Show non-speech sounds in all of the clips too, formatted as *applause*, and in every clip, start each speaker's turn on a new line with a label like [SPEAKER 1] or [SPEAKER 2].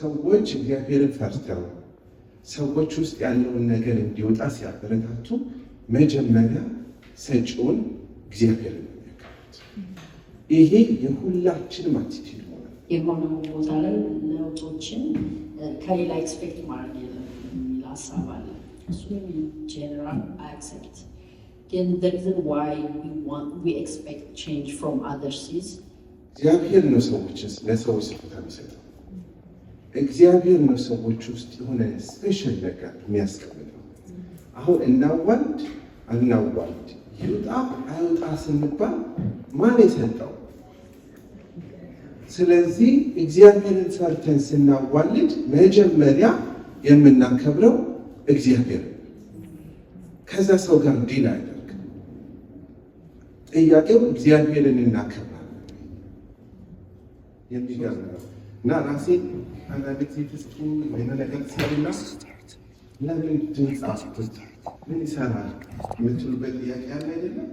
[SPEAKER 1] ሰዎች እግዚአብሔርን ፈርተው ሰዎች ውስጥ ያለውን ነገር እንዲወጣ ሲያበረታቱ መጀመሪያ ሰጪውን እግዚአብሔር የሚያካት ይሄ የሁላችን አቲቲዩድ
[SPEAKER 2] የሆነ ቦታ ላይ ለውጦችን ከሌላ ኤክስፔክት ማድረግ የሚል ሀሳብ አለ። እሱም ጀነራል አክሰፕት ግን ዘ ሪዝን ዋይ ዊ ኤክስፔክት ቼንጅ ፍሮም አዘርስ
[SPEAKER 1] እግዚአብሔር ነው ሰዎችን ለሰዎች ስፍታ የሚሰጠው እግዚአብሔር ነው ሰዎች ውስጥ የሆነ ስፔሻል ነገር የሚያስቀምጠው። አሁን እናዋልድ አናዋልድ ይውጣ አይውጣ ስንባል ማን የሰጠው? ስለዚህ እግዚአብሔርን ሰርተን ስናዋልድ መጀመሪያ የምናከብረው እግዚአብሔር ከዛ ሰው ጋር ዲል አያደርግ። ጥያቄው እግዚአብሔርን እናከብራለን የሚገርም ነው። እና ራሴ አንዳንድ ጊዜ ፍጹም የሆነ ነገር ሲያልና ለምን ድምፅ አስቶት ምን ይሰራል የምትሉበት ጥያቄ ያለ አይደለም።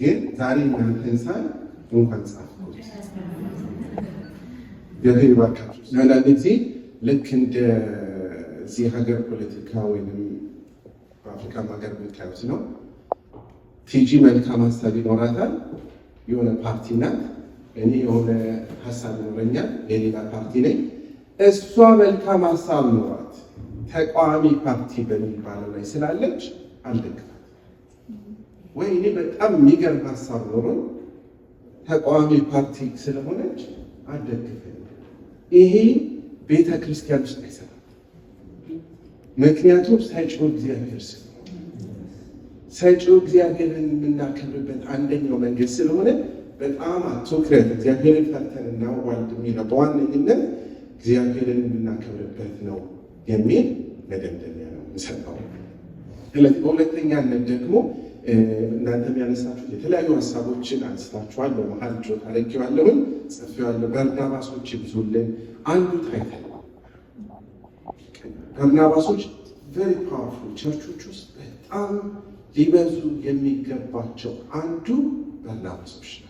[SPEAKER 1] ግን ዛሬ እናንተን ሳይ እንኳን ጻፍኩት ገፌ ባካችሁ። አንዳንድ ጊዜ ልክ እንደዚህ ሀገር ፖለቲካ ወይም በአፍሪካም ሀገር የምታዩት ነው። ቲጂ መልካም ሀሳብ ይኖራታል የሆነ ፓርቲ ናት እኔ የሆነ ሀሳብ ይኖረኛል፣ የሌላ ፓርቲ ነኝ። እሷ መልካም ሀሳብ ኖሯት ተቃዋሚ ፓርቲ በሚባለው ላይ ስላለች አልደግፋት ወይ እኔ በጣም የሚገርም ሀሳብ ኖሮ ተቃዋሚ ፓርቲ ስለሆነች አልደግፈ። ይሄ ቤተ ክርስቲያን ውስጥ አይሰራም። ምክንያቱም ሰጪው እግዚአብሔር ስለሆነ ሰጪው እግዚአብሔርን የምናከብርበት አንደኛው መንገድ ስለሆነ በጣም አትኩረት እግዚአብሔርን ፈርተንና ዋልድ የሚለው በዋነኝነት እግዚአብሔርን የምናከብርበት ነው የሚል መደምደሚያ ነው የምሰጠው። ስለዚህ በሁለተኛነት ደግሞ እናንተ የሚያነሳችሁት የተለያዩ ሀሳቦችን አንስታችኋል። በመሀል ጆት አለኪዋለሁኝ ጽፌዋለሁ። በርናባሶች ይብዙልን አንዱ ታይተል በርናባሶች ቨሪ ፓወርፉል ቸርቾች ውስጥ በጣም ሊበዙ የሚገባቸው አንዱ በርናባሶች ነው።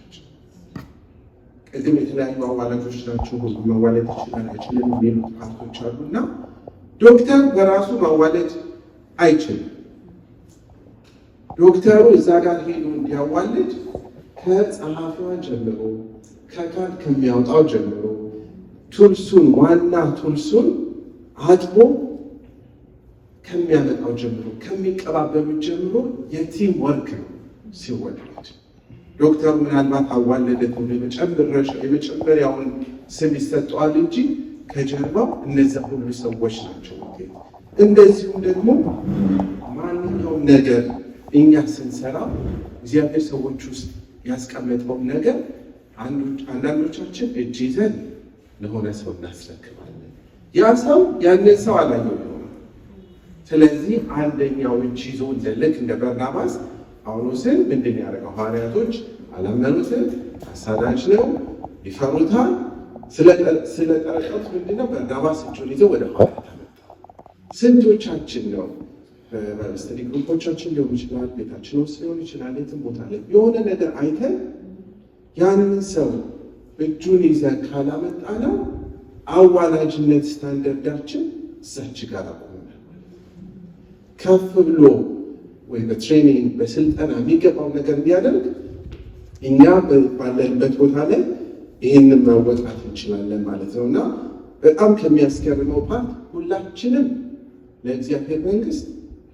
[SPEAKER 1] ቅድም የተለያዩ አዋላጆች ናቸው ህዝቡ መዋለድ ይችላል አይችልም የሚሉ ፓርቶች አሉ እና ዶክተር በራሱ ማዋለድ አይችልም። ዶክተሩ እዛ ጋር ሄዶ እንዲያዋልድ ከጸሐፊዋ ጀምሮ ከካል ከሚያወጣው ጀምሮ ቱልሱን ዋና ቱልሱን አጥቦ ከሚያመጣው ጀምሮ ከሚቀባበሉ ጀምሮ የቲም ወርክ ነው ሲወለድ ዶክተሩ ምናልባት አዋለደት የመጨመሪያውን ስም ይሰጠዋል እንጂ ከጀርባው እነዚያ ሁሉ ሰዎች ናቸው። እንደዚሁም ደግሞ ማንኛውም ነገር እኛ ስንሰራ እግዚአብሔር ሰዎች ውስጥ ያስቀመጠውን ነገር አንዳንዶቻችን እጅ ይዘን ለሆነ ሰው እናስረክባለን። ያ ሰው ያንን ሰው አላየው። ስለዚህ አንደኛው እጅ ይዞ ልክ እንደ በርናባስ ጳውሎስን ምንድን ያደርገው? ሐዋርያቶች አላመኑትም፣ አሳዳጅ ነው፣ ይፈሩታል። ስለጠረጠሩት ምንድነው በርናባስ እጁን ይዘው ወደ ሐዋርያ ተመጣ። ስንቶቻችን ነው በስተዲ ግሩፖቻችን ሊሆን ይችላል፣ ቤታችን ውስጥ ሊሆን ይችላል፣ የትም ቦታ ላይ የሆነ ነገር አይተን ያንን ሰው እጁን ይዘ ካላመጣ ነው አዋላጅነት ስታንደርዳችን እዛች ጋር ከፍ ብሎ ወይ በትሬኒንግ በስልጠና የሚገባው ነገር ቢያደርግ እኛ ባለንበት ቦታ ላይ ይህንን መወጣት እንችላለን ማለት ነው እና በጣም ከሚያስገርመው ፓርት ሁላችንም ለእግዚአብሔር መንግስት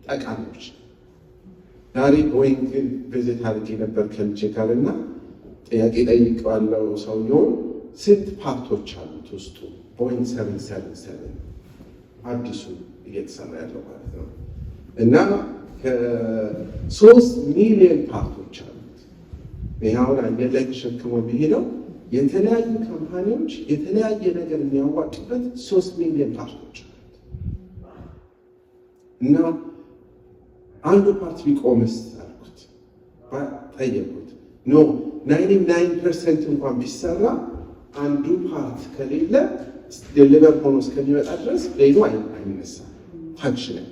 [SPEAKER 1] ጠቃሚዎች። ዛሬ ወይም ግን ቪዚት አድርጌ ነበር ከልጄ ጋር እና ጥያቄ ጠይቀዋለው ሰውየውን ስንት ፓርቶች አሉት ውስጡ ቦይንግ ሰቨን ሰቨን ሰቨን አዲሱ እየተሰራ ያለው ማለት ነው እና ከሶስት ሚሊዮን ፓርቶች አሉት። ይኸውን አንገት ላይ ተሸክሞ የሚሄደው የተለያዩ ካምፓኒዎች የተለያየ ነገር የሚያዋጡበት ሶስት ሚሊዮን ፓርቶች አሉት እና አንዱ ፓርት ቢቆምስ አልኩት፣ ጠየቁት። ኖ ናይንቲ ናይን ፐርሰንት እንኳን ቢሰራ አንዱ ፓርት ከሌለ ሊቨር ሆኖ እስከሚመጣ ድረስ ሌሉ አይነሳ ፋንክሽናል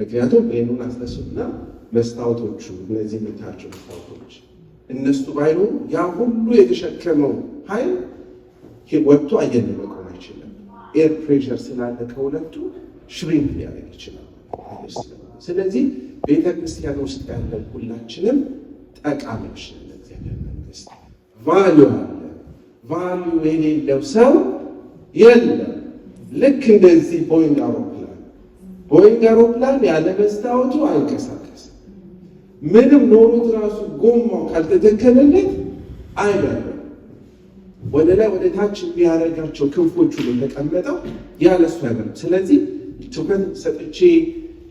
[SPEAKER 1] ምክንያቱም ይህንን አስነሱና መስታወቶቹ እነዚህ የምታያቸው መስታወቶች እነሱ ባይኖሩ ያ ሁሉ የተሸከመው ኃይል ወጥቶ አየር መቆም አይችልም። ኤር ፕሬሸር ስላለ ከሁለቱ ሽሪንክ ሊያደርግ ይችላል። ስለዚህ ቤተ ክርስቲያን ውስጥ ያለን ሁላችንም ጠቃሚዎች ለእግዚአብሔር መንግስት ቫሊዩ አለ። ቫሉ የሌለው ሰው የለም። ልክ እንደዚህ ቦይንግ አውሮፕላን ቦይንግ አውሮፕላን ያለ መስታወቱ አይንቀሳቀስም። ምንም ኖሮት ራሱ ጎማው ካልተተከለለት አይበርም። ወደ ላይ ወደ ታች የሚያደርጋቸው ክንፎቹ የተቀመጠው ያለሱ አይበርም። ስለዚህ ትኩረት ሰጥቼ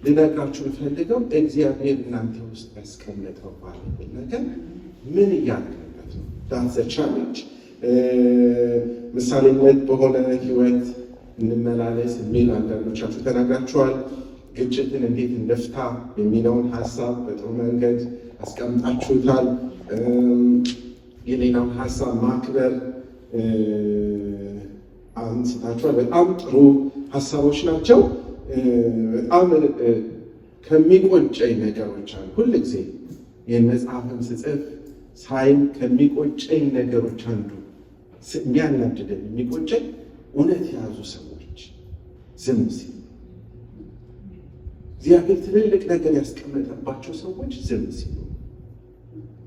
[SPEAKER 1] ልነግራችሁ የምፈልገው እግዚአብሔር እናንተ ውስጥ ያስቀመጠው ባለበት ነገር ምን እያደረገበት ነው? ዳንስ ቻሌንጅ ምሳሌነት በሆነ ህይወት እንመላለስ የሚል አንዳንዶቻችሁ ተናግራችኋል። ግጭትን እንዴት እንደፍታ የሚለውን ሀሳብ በጥሩ መንገድ አስቀምጣችሁታል። የሌላውን ሀሳብ ማክበር አንስታችኋል። በጣም ጥሩ ሀሳቦች ናቸው። በጣም ከሚቆጨኝ ነገሮች አሉ። ሁልጊዜ የመጽሐፍን ስጽፍ ሳይም ከሚቆጨኝ ነገሮች አንዱ የሚያናድደን የሚቆጨኝ እውነት የያዙ ሰዎች ዝም ሲሉ እግዚአብሔር ትልልቅ ነገር ያስቀመጠባቸው ሰዎች ዝም ሲሉ፣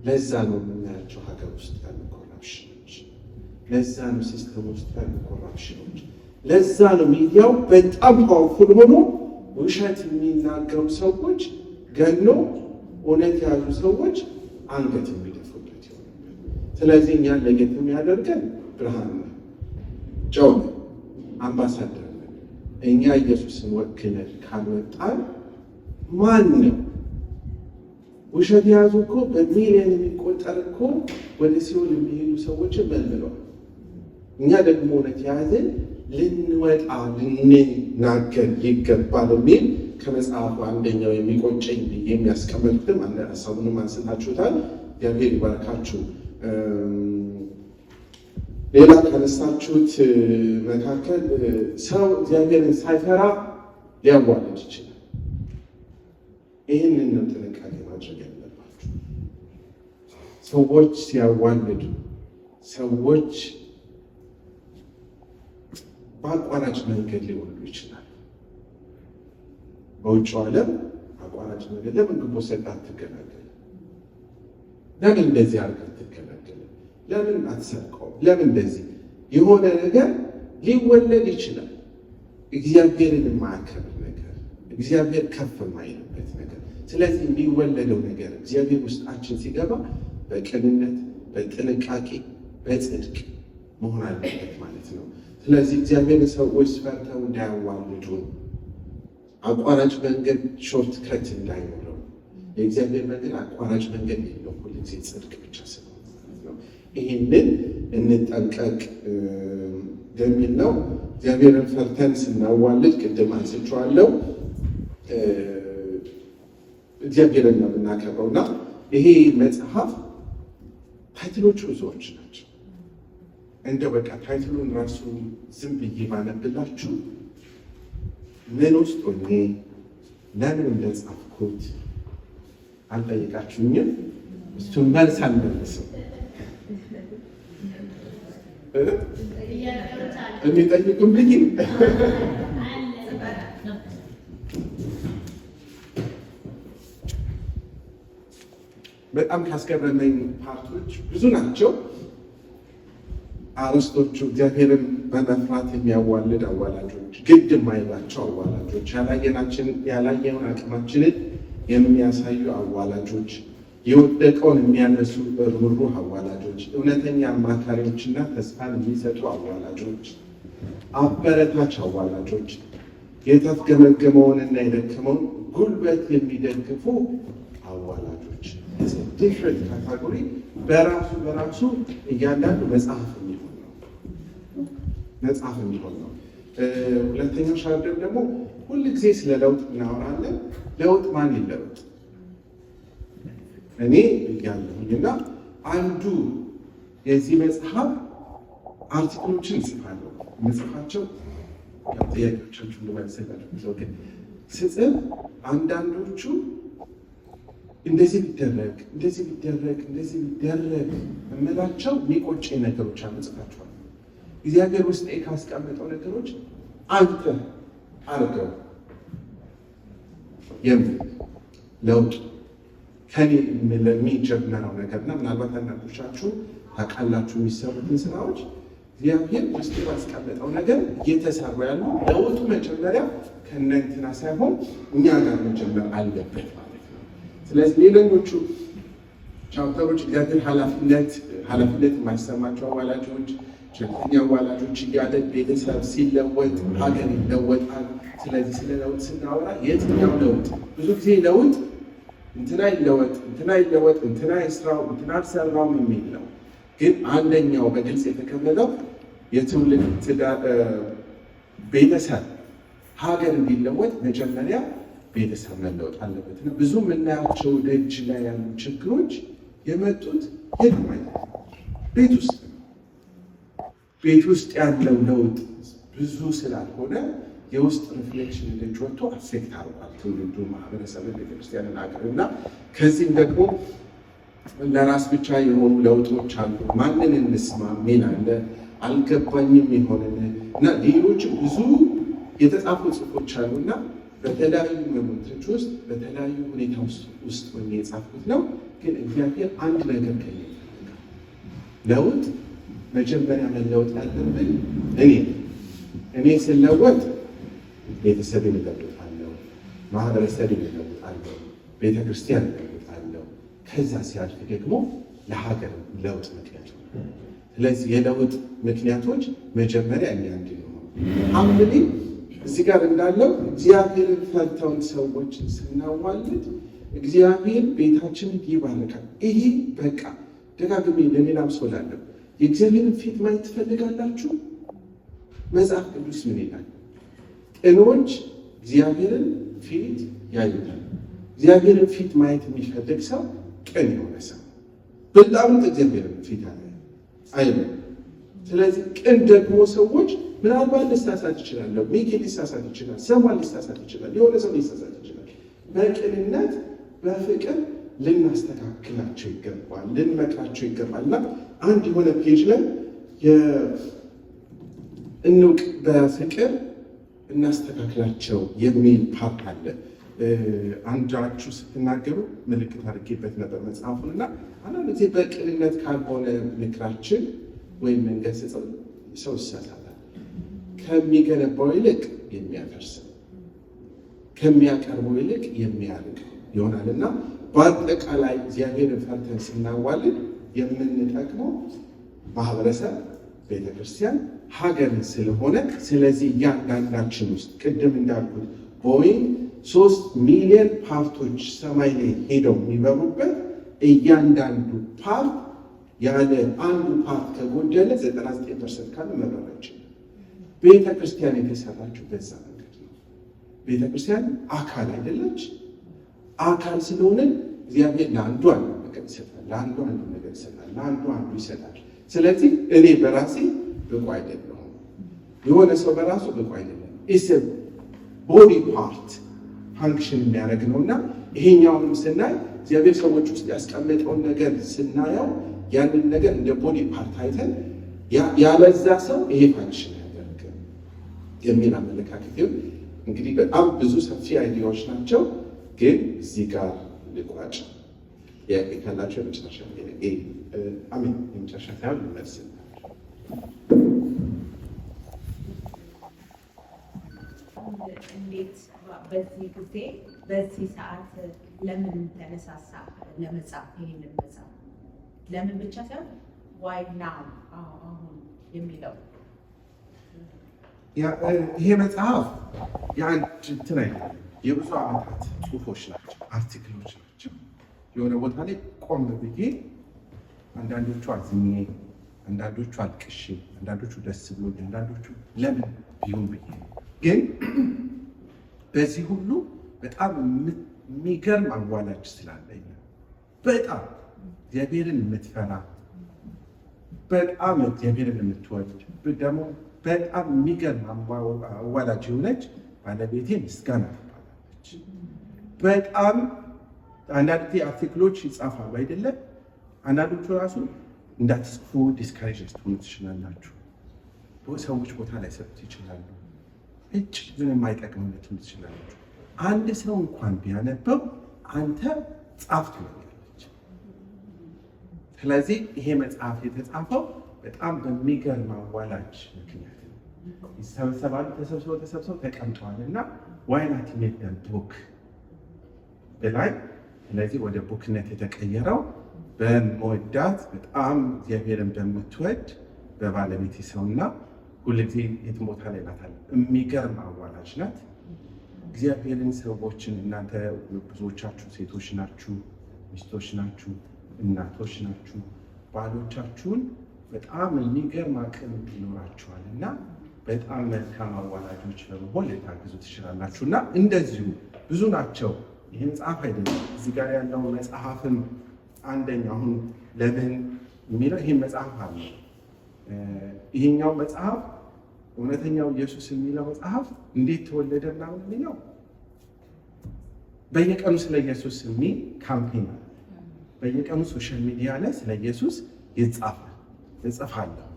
[SPEAKER 1] ለዛ ነው የምናያቸው ሀገር ውስጥ ያሉ ኮራፕሽኖች፣ ለዛ ነው ሲስተም ውስጥ ያሉ ኮራፕሽኖች፣ ለዛ ነው ሚዲያው በጣም ፓወርፉል ሆኖ ውሸት የሚናገሩ ሰዎች ገሎ እውነት የያዙ ሰዎች አንገት የሚደፉበት ይሆናል። ስለዚህ እኛን ለየት የሚያደርገን ብርሃን ነው፣ ጨው ነው። አምባሳደር ነን። እኛ ኢየሱስን ወክለን ካልወጣን ማን ነው? ውሸት የያዙ እኮ በሚሊዮን የሚቆጠር እኮ ወደ ሲሆን የሚሄዱ ሰዎችን መልምለዋል። እኛ ደግሞ እውነት የያዝን ልንወጣ ልንናገር ይገባል የሚል ከመጽሐፉ አንደኛው የሚቆጨኝ ብዬ የሚያስቀመጥኩትም አለ። ሀሳቡንም አንስታችሁታል። እግዚአብሔር ይባርካችሁ። ሌላ ከነሳችሁት መካከል ሰው እግዚአብሔርን ሳይፈራ ሊያዋልድ ይችላል። ይህንን ነው ጥንቃቄ ማድረግ ያለባችሁ። ሰዎች ሲያዋልዱ፣ ሰዎች በአቋራጭ መንገድ ሊወሉ ይችላል። በውጭ ዓለም አቋራጭ መንገድ ለምንግቦ ሰጣት ትገናገል ለምን እንደዚህ አርገ ትገናል ለምን አትሰርቀውም? ለምን እንደዚህ የሆነ ነገር ሊወለድ ይችላል። እግዚአብሔርን የማያከብር ነገር፣ እግዚአብሔር ከፍ የማይልበት ነገር። ስለዚህ የሚወለደው ነገር እግዚአብሔር ውስጣችን ሲገባ በቅንነት፣ በጥንቃቄ፣ በጽድቅ መሆን አለበት ማለት ነው። ስለዚህ እግዚአብሔር ሰዎች ፈርተው እንዳያዋልዱን፣ አቋራጭ መንገድ ሾርት ከት እንዳይኖረው። የእግዚአብሔር መንገድ አቋራጭ መንገድ የለው፣ ሁልጊዜ ጽድቅ ብቻ ስለ ይህንን እንጠንቀቅ የሚል ነው። እግዚአብሔርን ፈርተን ስናዋልድ ቅድም አንስቼዋለሁ፣ እግዚአብሔርን ነው እና ይሄ መጽሐፍ ታይትሎቹ ብዙዎች ናቸው። እንደ በቃ ታይትሉን ራሱ ዝም ብዬ ማነብላችሁ ምን ውስጥ ሆኜ ለምን እንደጻፍኩት አልጠይቃችሁኝም። እሱን መልስ አልመልስም። በጣም ካስገረመኝ ፓርቶች ብዙ ናቸው። አርስቶቹ እግዚአብሔርን በመፍራት የሚያዋልድ አዋላጆች፣ ግድ የማይላቸው አዋላጆች፣ ያላየውን አቅማችንን የሚያሳዩ አዋላጆች፣ የወደቀውን የሚያነሱ ርኅሩህ አዋላጆች አዋላጆች፣ እውነተኛ አማካሪዎችና ተስፋን የሚሰጡ አዋላጆች፣ አበረታች አዋላጆች፣ የተፍገመገመውንና የደከመውን ጉልበት የሚደግፉ አዋላጆች ዲፍረንት ካታጎሪ በራሱ በራሱ እያንዳንዱ መጽሐፍ የሚሆን ነው መጽሐፍ የሚሆን ነው። ሁለተኛው ሻርደር ደግሞ ሁልጊዜ ስለ ለውጥ እናወራለን። ለውጥ ማን ይለውጥ? እኔ እያለሁኝ እና አንዱ የዚህ መጽሐፍ አርቲክሎችን እጽፋለሁ። መጽሐፋቸው ጥያቄዎቻችሁ እንደማይሰላቸው ግን ስጽፍ አንዳንዶቹ እንደዚህ ቢደረግ እንደዚህ ቢደረግ እንደዚህ ቢደረግ እምላቸው የሚቆጭ ነገሮች አመጽፋቸዋል። እግዚአብሔር ውስጥ ካስቀመጠው ነገሮች አንተ አርገው የም ለውጥ ከኔ የሚጀምረው ነገርና ምናልባት አንዳንዶቻችሁ ታውቃላችሁ የሚሰሩትን ስራዎች እግዚአብሔር ውስጥ ባስቀመጠው ነገር እየተሰሩ ያሉ ለውጡ መጀመሪያ ከእነንትና ሳይሆን እኛ ጋር መጀመር አለበት ማለት ነው። ስለዚህ ሌሎቹ ቻፕተሮች እግዚአብሔር ኃላፊነት ኃላፊነት የማይሰማቸው አዋላጆች፣ ችግረኛ አዋላጆች እያለ ቤተሰብ ሲለወጥ ሀገር ይለወጣል። ስለዚህ ስለ ለውጥ ስናወራ የትኛው ለውጥ ብዙ ጊዜ ለውጥ እንትና ይለወጥ እንትና ይለወጥ እንትና ይስራው እንትና አልሰራውም የሚል ነው። ግን አንደኛው በግልጽ የተቀመጠው የትውልድ ቤተሰብ ሀገር እንዲለወጥ መጀመሪያ ቤተሰብ መለወጥ አለበት እና ብዙ የምናያቸው ደጅ ላይ ያሉ ችግሮች የመጡት የት ቤት ውስጥ ቤት ውስጥ ያለው ለውጥ ብዙ ስላልሆነ የውስጥ ሪፍሌክሽን ልጅ ወጥቶ አፌክት አርጓል ትውልዱ ማህበረሰብ ቤተክርስቲያንን አገር እና ከዚህም ደግሞ ለራስ ብቻ የሆኑ ለውጦች አሉ። ማንን እንስማ ሚል አለ አልገባኝም የሆነን እና ሌሎች ብዙ የተጻፉ ጽሁፎች አሉ እና በተለያዩ መሞቶች ውስጥ በተለያዩ ሁኔታ ውስጥ ሆኜ የጻፉት ነው። ግን እግዚአብሔር አንድ ነገር ከኛ ለውጥ መጀመሪያ መለወጥ ያለብን እኔ እኔ ስለወጥ ቤተሰብ ይለውጣለሁ፣ ማህበረሰብ ይለውጣለሁ፣ ቤተክርስቲያን ከዚያ ሲያልፍ ደግሞ ለሀገር ለውጥ ምክንያት ስለዚህ የለውጥ ምክንያቶች መጀመሪያ እኛ እንዲሆኑ አምብሊ እዚህ ጋር እንዳለው እግዚአብሔርን ፈርተውን ሰዎችን ስናዋልድ እግዚአብሔር ቤታችንን ይባርካል። ይሄ በቃ ደጋግሜ ለሌላም ሰው ላለው የእግዚአብሔርን ፊት ማየት ትፈልጋላችሁ? መጽሐፍ ቅዱስ ምን ይላል? ቅኖች እግዚአብሔርን ፊት ያዩታል። እግዚአብሔርን ፊት ማየት የሚፈልግ ሰው ቅን የሆነ ሰው በላሙት እግዚአብሔር ፊት አለ አይም። ስለዚህ ቅን ደግሞ ሰዎች ምናልባት ሊሳሳት ይችላል፣ ሚኪ ሊሳሳት ይችላል፣ ሰማን ሊሳሳት ይችላል፣ የሆነ ሰው ሊሳሳት ይችላል። በቅንነት በፍቅር ልናስተካክላቸው ይገባል፣ ልንመክራቸው ይገባል። እና አንድ የሆነ ፔጅ ላይ እንውቅ በፍቅር እናስተካክላቸው የሚል ፓርት አለ። አንጃችሁ ስትናገሩ ምልክት አድርጌበት ነበር መጽሐፉን እና አንዳንድ ጊዜ በቅንነት ካልሆነ ምክራችን ወይም መንገስጽ ሰው ይሰጣታል። ከሚገነባው ይልቅ የሚያፈርስ ከሚያቀርበው ይልቅ የሚያርቅ ይሆናል እና በአጠቃላይ እግዚአብሔርን ፈርተን ስናዋልን የምንጠቅመው ማህበረሰብ፣ ቤተክርስቲያን፣ ሀገርን ስለሆነ ስለዚህ እያንዳንዳችን ውስጥ ቅድም እንዳልኩት ቦይንግ ሶስት ሚሊዮን ፓርቶች ሰማይ ላይ ሄደው የሚበሩበት እያንዳንዱ ፓርት ያለ አንዱ ፓርት ከጎደለ 99 ፐርሰንት ካለ መብረር አይችልም። ቤተ ክርስቲያን የተሰራችው በዛ መንገድ ነው። ቤተ ክርስቲያን አካል አይደለች። አካል ስለሆነ እግዚአብሔር ለአንዱ አንዱ ነገር ይሰጣል፣ ለአንዱ አንዱ ነገር ይሰጣል፣ ለአንዱ አንዱ ይሰጣል። ስለዚህ እኔ በራሴ ብቁ አይደለሁም። የሆነ ሰው በራሱ ብቁ አይደለም። ቦዲ ፓርት ፋንክሽን የሚያደርግ ነው እና ይሄኛውንም ስናይ እግዚአብሔር ሰዎች ውስጥ ያስቀመጠውን ነገር ስናየው ያንን ነገር እንደ ቦዲ ፓርት አይተን ያበዛ ሰው ይሄ ፋንክሽን ያደርግ የሚል አመለካከት እንግዲህ በጣም ብዙ ሰፊ አይዲያዎች ናቸው። ግን እዚህ ጋር ልቋጭ። ጥያቄ ካላቸው የመጨረሻ አሜን የመጨረሻ ሳይሆን መልስ
[SPEAKER 2] እንዴት በዚህ ጊዜ በዚህ ሰዓት ለምን ተነሳሳ ለመጻፍ ይህን መጽሐፍ? ለምን ብቻ ሳይሆን ዋይ ናው አሁን የሚለው
[SPEAKER 1] ይሄ መጽሐፍ የአንድ እንትን የብዙ ዓመታት ጽሁፎች ናቸው፣ አርቲክሎች ናቸው። የሆነ ቦታ ላይ ቆም ብዬ አንዳንዶቹ አዝኜ፣ አንዳንዶቹ አልቅሼ፣ አንዳንዶቹ ደስ ብሎ አንዳንዶቹ ለምን ቢሆን ብዬ ግን በዚህ ሁሉ በጣም የሚገርም አዋላጅ ስላለኝ በጣም እግዚአብሔርን የምትፈራ በጣም እግዚአብሔርን የምትወድ ደግሞ በጣም የሚገርም አዋላጅ የሆነች ባለቤቴ ምስጋና ትባላለች። በጣም አንዳንድ አርቲክሎች ይጻፋሉ አይደለም። አንዳንዶቹ ራሱ እንዳትጽፉ ዲስካሬጅ ስትሆኑ ትችላላችሁ። ሰዎች ቦታ ላይ ሰጡት ይችላሉ እጅግ ግን የማይጠቅምነት ትችላለች። አንድ ሰው እንኳን ቢያነበው አንተ ጻፍ ትሆናለች። ስለዚህ ይሄ መጽሐፍ የተጻፈው በጣም በሚገርም አዋላጅ ምክንያት ነው። ይሰበሰባሉ፣ ተሰብስበው ተሰብስበው ተቀምጠዋል እና ዋይናት ሜደን ቡክ ብላይ ስለዚህ ወደ ቡክነት የተቀየረው በመወዳት በጣም እግዚአብሔርን በምትወድ በባለቤት ሰውና ሁልጊዜ የትም ቦታ ላይ ናታል። የሚገርም አዋላጅ ናት። እግዚአብሔርን ሰዎችን እናንተ ብዙዎቻችሁ ሴቶች ናችሁ፣ ሚስቶች ናችሁ፣ እናቶች ናችሁ። ባሎቻችሁን በጣም የሚገርም አቅም ይኖራችኋል እና በጣም መልካም አዋላጆች በመሆን ልታግዙ ትችላላችሁ እና እንደዚሁ ብዙ ናቸው። ይህ መጽሐፍ አይደለም እዚህ ጋር ያለው መጽሐፍም አንደኛ አሁን ለምን የሚለው ይህ መጽሐፍ አለ። ይሄኛው መጽሐፍ እውነተኛው ኢየሱስ የሚለው መጽሐፍ እንዴት ተወለደ ምናምን የሚለው በየቀኑ ስለ ኢየሱስ የሚል ካምፔን አለ። በየቀኑ ሶሻል ሚዲያ ላይ ስለ ኢየሱስ ይጻፋል እጽፋለሁ።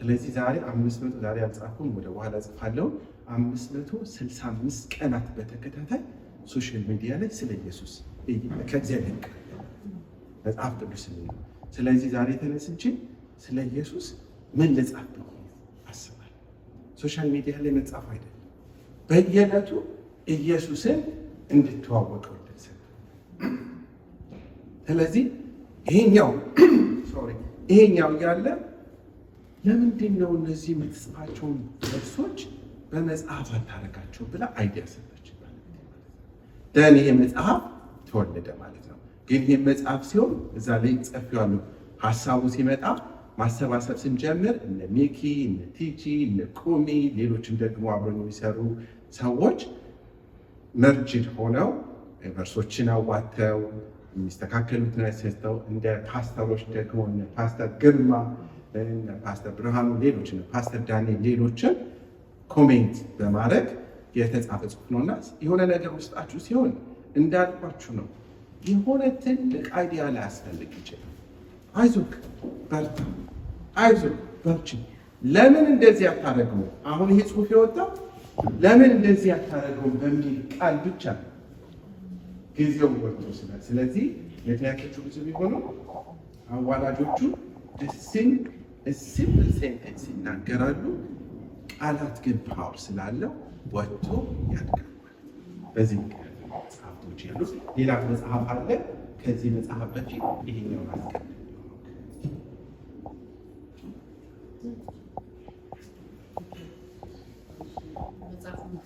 [SPEAKER 1] ስለዚህ ዛሬ አምስት መቶ ዛሬ አልጻፍኩም፣ ወደ በኋላ እጽፋለሁ። አምስት መቶ ስልሳ አምስት ቀናት በተከታታይ ሶሻል ሚዲያ ላይ ስለ ኢየሱስ ከእግዚአብሔር ቃል መጽሐፍ ቅዱስ የሚለው ስለዚህ ዛሬ ተነስቼ ስለ ኢየሱስ ምን ልጻፍ ነው ሶሻል ሚዲያ ላይ መጻፍ አይደለም። በየዕለቱ ኢየሱስን እንድትዋወቀው ድርሰ ስለዚህ ይሄኛው *clears throat* ሶሪ ይሄኛው ያለ ለምንድን ነው እነዚህ የምትጽፋቸውን ጥቅሶች በመጽሐፍ አታረጋቸው ብላ አይዲያ ሰጠች። ደን ይሄ መጽሐፍ ተወለደ ማለት ነው። ግን ይህ መጽሐፍ ሲሆን እዛ ላይ ጸፊዋለሁ ሀሳቡ ሲመጣ ማሰባሰብ ስንጀምር እነ ሚኪ እነ ቲቺ እነ ቁሚ ሌሎችም ደግሞ አብረን የሚሰሩ ሰዎች መርጅድ ሆነው ቨርሶችን አዋተው የሚስተካከሉትን ሰተው እንደ ፓስተሮች ደግሞ እነ ፓስተር ግርማ እነ ፓስተር ብርሃኑ ሌሎች ፓስተር ዳንኤል ሌሎችን ኮሜንት በማድረግ የተጻፈ ጽሁፍ ነው እና የሆነ ነገር ውስጣችሁ ሲሆን እንዳልኳችሁ ነው የሆነ ትልቅ አይዲያ ላይ ይችላል አይዞክ በርታ፣ አይዞክ በርቺ። ለምን እንደዚህ አታደርገው? አሁን ይሄ ጽሁፍ የወጣው ለምን እንደዚህ አታደርገው በሚል ቃል ብቻ ጊዜው ወጥቶ ስላል። ስለዚህ የጥያቄዎቹ ብዙ ቢሆኑ አዋላጆቹ እስን እስም ሴንቴንስ ይናገራሉ። ቃላት ግን ፓወር ስላለው ወጥቶ ያድጋል። በዚህ ምክንያት መጽሐፍቶች ያሉት ሌላ መጽሐፍ አለ። ከዚህ መጽሐፍ በፊት ይሄኛውን አስቀ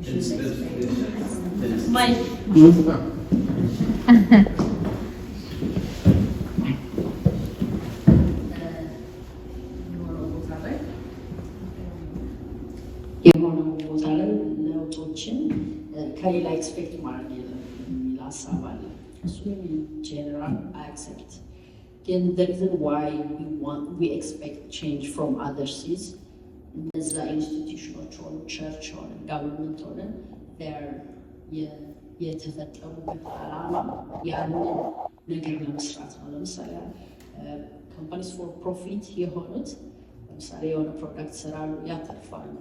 [SPEAKER 2] It's, it's, it's, it's, Mike. የሆነ ቦታ ላይ ለውጦችን ከሌላ ኤክስፔክት ማድረግ የለም የሚል ሀሳብ አለ። እሱም ጀነራል አያክሰፕት ግን ዘ ሪዝን ዋይ ዊ ኤክስፔክት ቼንጅ ፍሮም አዘርስ ኢዝ እነዛ ኢንስቲትዩሽኖች ሆኑ ቸርች ሆነ ጋቨርንመንት ሆነ የተፈጠሩበት አላማ ያንን ነገር ለመስራት ነው። ለምሳሌ ካምፓኒስ ፎር ፕሮፊት የሆኑት ለምሳሌ የሆነ ፕሮዳክት ስራሉ፣ ያተርፋሉ።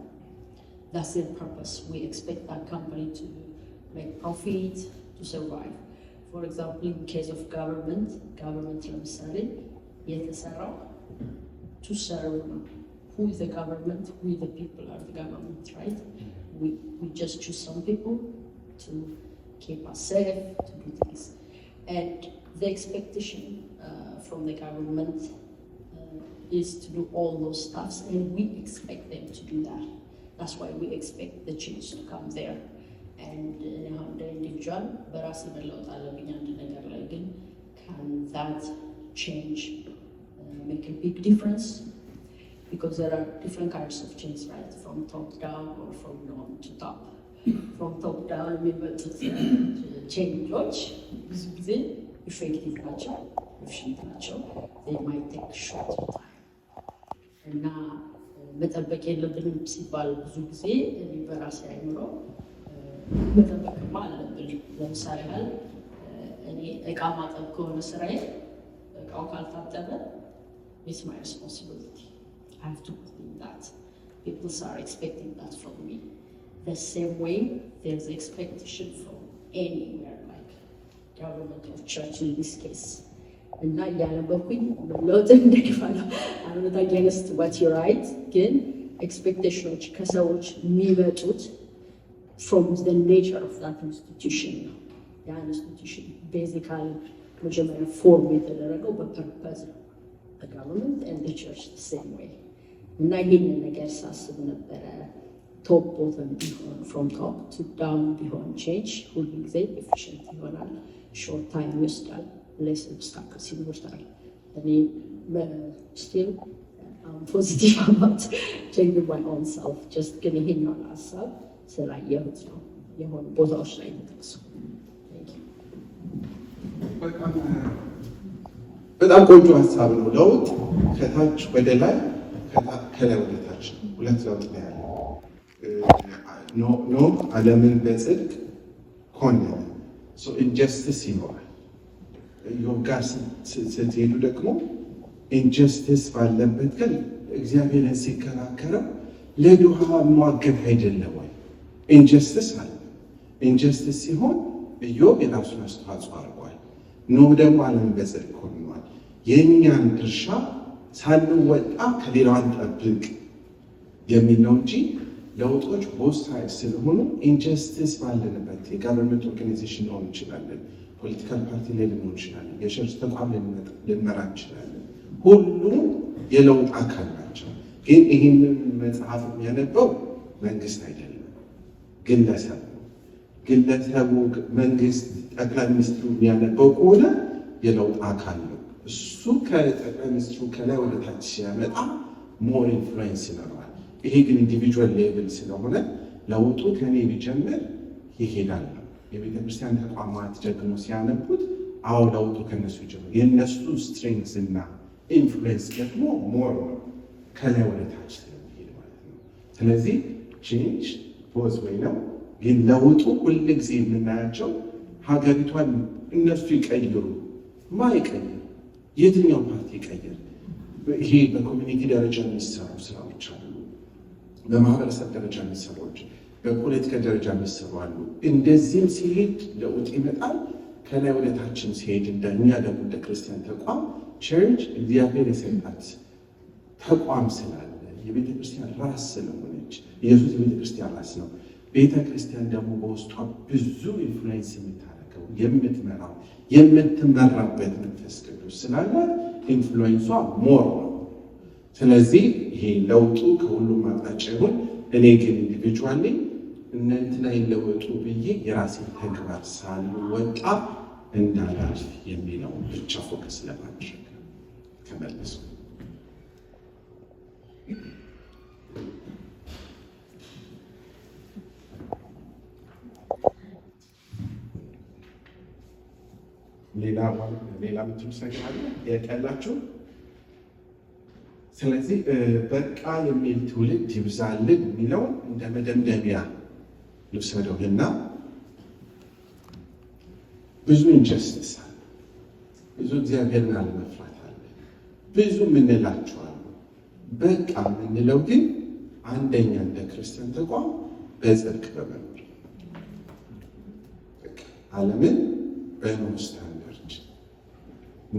[SPEAKER 2] ዳስ ዜር ፐርፐስ ዊ ኤክስፔክት ዳት ካምፓኒ ቱ ሜክ ፕሮፊት ቱ ሰርቫይቭ ፎር ኤግዛምፕል ኢን ኬዝ ኦፍ ጋቨርንመንት ጋቨርንመንት ለምሳሌ የተሰራው ቱ ሰርቭ ነው who is the government? We, the people, are the government, right? Mm-hmm. We, we just choose some people to keep us safe, to do things. And the expectation uh, from the government uh, is to do all those stuffs, and we expect them to do that. That's why we expect the change to come there. And እንደ ኢንዲቪጁዋል በራሴ መለወጥ አለብኝ አንድ ነገር ላይ ግን ካን ዛት ቼንጅ ሜክ ቢግ because there are different kinds of change, right? From top down or from down to top. from top down የሚመጡት ቼንጆች ብዙ ጊዜ ኢፌክቲቭ ናቸው፣ ኤፊሽንት ናቸው። ማይቴክ ሾርት እና መጠበቅ የለብንም ሲባል ብዙ ጊዜ በራሴ አይኖረው መጠበቅማ አለብን። ለምሳሌ ያህል እኔ እቃ ማጠብ ከሆነ ስራዬ እቃው ካልታጠበ ኢትስ ማይ ሬስፖንሲቢሊቲ I have to do that. People are expecting that from me. The same way there's expectation from anywhere, like government or church in this case. and እና እያነበኩኝ ለውጥ እንደግፋ ነው። አምነት አጌንስት ዋት ዩ ራይት ግን ኤክስፔክቴሽኖች ከሰዎች የሚመጡት ፍሮም ዘ ኔቸር That institution, ኢንስቲትዩሽን ነው። ያ ኢንስቲትዩሽን ቤዚካል መጀመሪያ ፎርም የተደረገው በፐርፐዝ ነው። The government and the church the same way. እና ይህንን ነገር ሳስብ ነበረ ቶፕ ቦተም ቢሆን ፍሮም ቶፕ ቱ ዳውን ቢሆን ቼንጅ ሁሉ ጊዜ ኤፊሽንት ይሆናል። ሾርት ታይም ይወስዳል። ሌስ ኦብስታክልስ ይኖርታል። እኔ ስቲል ፖዚቲቭ አባት ቼንጅ ማይ ኦን ሰልፍ ጀስት ግን ይሄኛውን ሀሳብ ስላየሁት ነው የሆኑ ቦታዎች ላይ ተጠቅሱ።
[SPEAKER 1] በጣም ቆንጆ ሀሳብ ነው። ለውጥ ከታች ወደ ላይ ከላይ ወደታች ሁለት ለውጥ ነው ያለው። ኖህ ዓለምን በጽድቅ ኮነነ፣ ኢንጀስቲስ ይኖራል። ዮብ ጋር ስትሄዱ ደግሞ ኢንጀስቲስ ባለበት ቀን እግዚአብሔርን ሲከራከረው ለድሃ ማገብ አይደለም ወይ? ኢንጀስቲስ አለ። ኢንጀስቲስ ሲሆን ኢዮብ የራሱን አስተዋጽኦ አድርጓል። ኖ ደግሞ ዓለምን በጽድቅ ኮንኗል። የእኛን ድርሻ ሳንወጣ ከሌላዋን ጠብቅ የሚል ነው እንጂ ለውጦች ቦስት ስለሆኑ ኢንጀስቲስ ባለንበት የጋቨርንመንት ኦርጋናይዜሽን ሊሆን እንችላለን፣ ፖለቲካል ፓርቲ ላይ ልንሆን እንችላለን፣ የሸርች ተቋም ልንመራ እንችላለን። ሁሉም የለውጥ አካል ናቸው። ግን ይህንን መጽሐፍ የሚያነበው መንግስት አይደለም፣ ግለሰብ ግለሰቡ መንግስት ጠቅላይ ሚኒስትሩ የሚያነበው ከሆነ የለውጥ አካል ነው። እሱ ከጠቅላይ ሚኒስትሩ ከላይ ወደታች ሲያመጣ ሞር ኢንፍሉዌንስ ይኖረዋል። ይሄ ግን ኢንዲቪጁዋል ሌቭል ስለሆነ ለውጡ ከኔ ቢጀምር ይሄዳል ነው። የቤተክርስቲያን ተቋማት ደግሞ ሲያነቡት አዎ ለውጡ ከነሱ ይጀምር። የእነሱ ስትሬንግስ እና ኢንፍሉዌንስ ደግሞ ሞር ከላይ ታች ስለሚሄድ ማለት ነው። ስለዚህ ቼንጅ ፖዝ ወይ ነው። ግን ለውጡ ሁል ጊዜ የምናያቸው ሀገሪቷን እነሱ ይቀይሩ ማይቀይሩ የትኛው ፓርቲ ይቀይር፣ ይሄ በኮሚኒቲ ደረጃ የሚሰሩ ስራዎች አሉ፣ በማህበረሰብ ደረጃ የሚሰራዎች፣ በፖለቲካ ደረጃ የሚሰሩ አሉ። እንደዚህም ሲሄድ ለውጥ ይመጣል። ከላይ ወደታችን ሲሄድ እንደኛ ደግሞ እንደ ክርስቲያን ተቋም ቸርች እግዚአብሔር የሰጣት ተቋም ስላለ የቤተ ክርስቲያን ራስ ስለሆነች ኢየሱስ የቤተ ክርስቲያን ራስ ነው። ቤተ ክርስቲያን ደግሞ በውስጧ ብዙ ኢንፍሉዌንስ የምታደርገው የምትመራው የምትመራበት መንፈስ ቅዱስ ስላላት ኢንፍሉዌንሷ ሞር ነው። ስለዚህ ይሄ ለውጡ ከሁሉም አቅጣጫ ይሁን። እኔ ግን ኢንዲቪጁዋሊ ላይ ለወጡ ብዬ የራሴ ተግባር ሳልወጣ እንዳላልፍ የሚለው ብቻ ፎከስ ለማድረግ ከመለሱ ሌላ ሌላ ምትሉት ነገር አለ የቀላችሁ። ስለዚህ በቃ የሚል ትውልድ ይብዛልን የሚለው እንደ መደምደሚያ እና ብዙ ኢንጀስቲስ አለ፣ ብዙ እግዚአብሔርን አለመፍራት አለ፣ ብዙ የምንላቸው በቃ የምንለው ግን አንደኛ እንደ ክርስቲያን ተቋም በጽድቅ በመኖር ዓለምን በኖስታ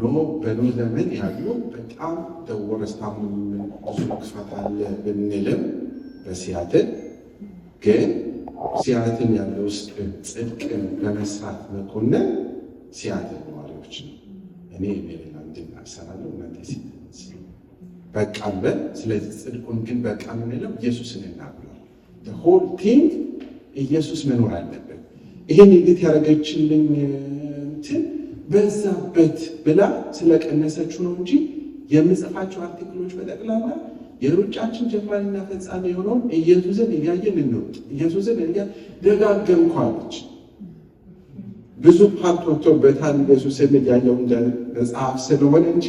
[SPEAKER 1] ኖ በኖህ ያሉ በጣም ደወረስታም ብዙ ክፋት አለ ብንልም በሲያትን ግን ሲያትን ያለ ውስጥ ጽድቅን በመስራት መኮንን ሲያትን ነዋሪዎች ነው። እኔ ሌላ እንድናሰራለ እናንተ በቃ በል። ስለዚህ ጽድቁን ግን በቃ ምንለው ኢየሱስን እናብሏል። ሆል ቲንግ ኢየሱስ መኖር አለበት። ይህን እንዴት ያደረገችልኝ እንትን በዛበት ብላ ስለቀነሰችው ነው እንጂ የምጽፋቸው አርቲክሎች በጠቅላላ የሩጫችን ጀማሪና ፈጻሚ የሆነውን ኢየሱስን እያየን እንወጥ ኢየሱስን እያ ደጋገምኳለች። ብዙ ፓርት ወጥቶበታል። ኢየሱስን እያየው እንደ መጽሐፍ ስለሆነ እንጂ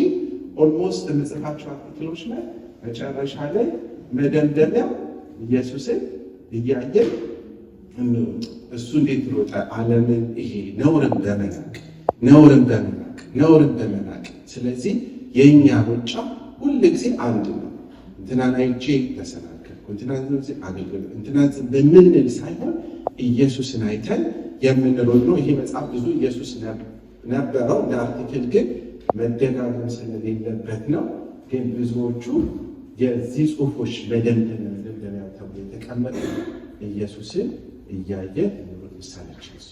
[SPEAKER 1] ኦልሞስት የምጽፋቸው አርቲክሎች ላይ መጨረሻ ላይ መደምደሚያ ኢየሱስን እያየን እንወጥ እሱ እንዴት ሮጠ ዓለምን ይሄ ነውርን ለመናቅ ነውርን በመናቅ ነውርን በመናቅ ስለዚህ የእኛ ሩጫ ሁል ጊዜ አንድ ነው። እንትናን አይቼ ተሰናከልኩ፣ እንትናን አገልግሎ እንትናን በምንል ሳይሆን ኢየሱስን አይተን የምንሮድ ነው። ይሄ መጽሐፍ ብዙ ኢየሱስ ነበረው ለአርቲክል ግን መደጋገም ስለሌለበት ነው። ግን ብዙዎቹ የዚህ ጽሁፎች መደምደሚያ ተብሎ የተቀመጠ ኢየሱስን እያየ ምሳሌያችን